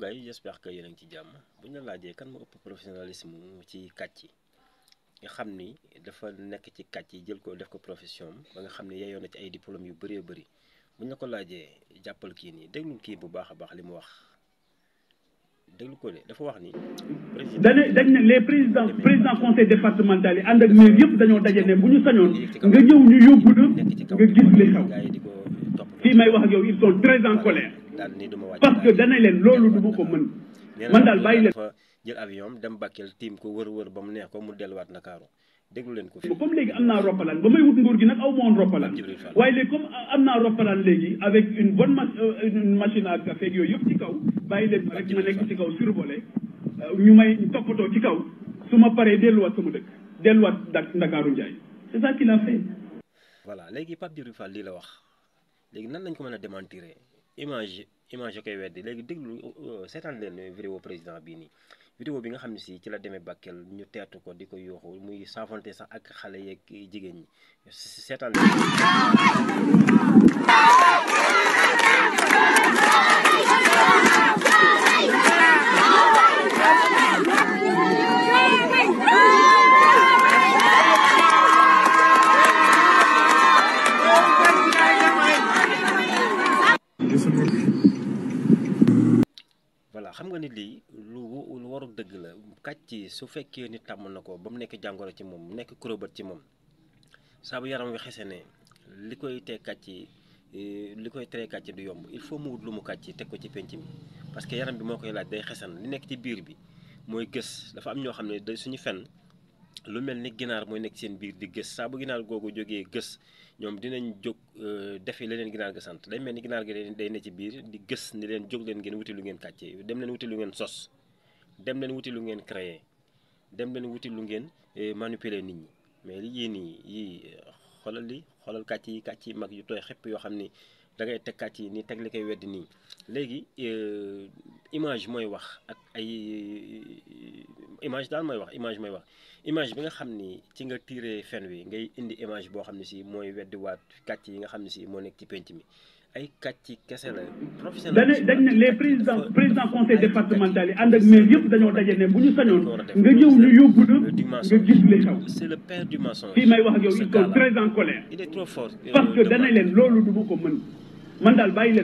gars yi j'espère que yéen ci jàmm bu la laajee kan moo ëpp professionnalisme ci kàcc yi nga xam ni dafa nekk ci kàcc yi jël ko def ko profession ba nga xam ni yeyoon na ci ay diplôme yu bëree bëri bu ñu ko laajee jàppal kii nii déglu kii bu baax a baax li mu wax déglu ko de dafa wax ni. dañu dañ ne les présidents président conseil départemental yi ànd ak maire yëpp dañoo daje ne bu ñu sañoon nga ñëw ñu yóbbu la nga gis fii may wax yow ils sont très en colère. daal ni du ma wàcc parce que danañ leen loolu du ma ko mën man daal bàyyi leen dafa jël avion dem Bakel tiim ko wër-wër ba mu neex ko mu delluwaat Ndakaaru déglu leen ko fi comme léegi am naa roppalaan ba may wut nguur gi nag aw moon roppalaan waaye léegi comme am naa roppalaan léegi avec une bonne ma euh, une machine à café yooyu yëpp ci kaw bàyyi leen rek ma nekk ci kaw survolé euh, ñu may toppatoo ci kaw su ma paree delluwaat sama dëkk delluwaat dak Ndakaaru Njaay c'est ça qu'il a fait voilà léegi Pape Djibril Fall lii la wax léegi nan lañ ko mën a démentir image image yo koy weddi léegi déglu euh, seetaan leen vidéo président bii nii vidéo bi nga xam ne si ci la demee Bakel ñu teetu ko di ko yooxu muy saafante sax ak xale yeeg jigéen ñi seetaan xam nga nit lii lu lu warul dëgg la kàcc su fekkee ni tàmm na ko ba mu nekk jàngoro ci moom mu nekk kurobët ci moom saa yaram wi xese ne li koy teg kàcc eh, li koy tere kàcc du yomb il faut mu wut lu mu kàcc teg ko ci penc mi parce que yaram bi moo koy laaj day xesan li nekk ci biir bi mooy gës dafa am ñoo xam ne day suñu fenn lu mel ni ginaar mooy nekk seen biir di gës saa bu ginaar googu jógee gës ñoom dinañ jóg euh, defi leen ginaar ga sant day mel ni ginaar gi day ne ci biir di gës ni leen jóg leen ngeen wuti lu ngeen kàccee dem leen wuti lu ngeen sos dem leen wuti lu ngeen créer dem leen wuti lu ngeen euh, manipuler nit ñi mais li yii nii yii xoolal li xoolal kàcc yi kàcc yi mag yu tooy xepp yoo xam ni dangay teg kàcc yi ni teg li koy weddi nii léegi euh, image mooy wax ak ay image daal mooy wax image mooy wax image bi nga xam ni ci nga tiré fen wi ngay indi image boo xam ne si mooy weddi waat kàcc yi nga xam ne si moo nekk ci penc mi ay kàcc kese la. professionnel dañ ne les présidents président conseil départemental yi ànd ak maire yëpp dañoo daje ne bu ñu sañoon nga ñëw ñu yóbbu la nga gis li xaw. c'est le père du mensonge. fii may wax ak yow ils sont très en il est trop fort. parce que euh, danañ leen loolu du ma ko mën man daal bàyyi leen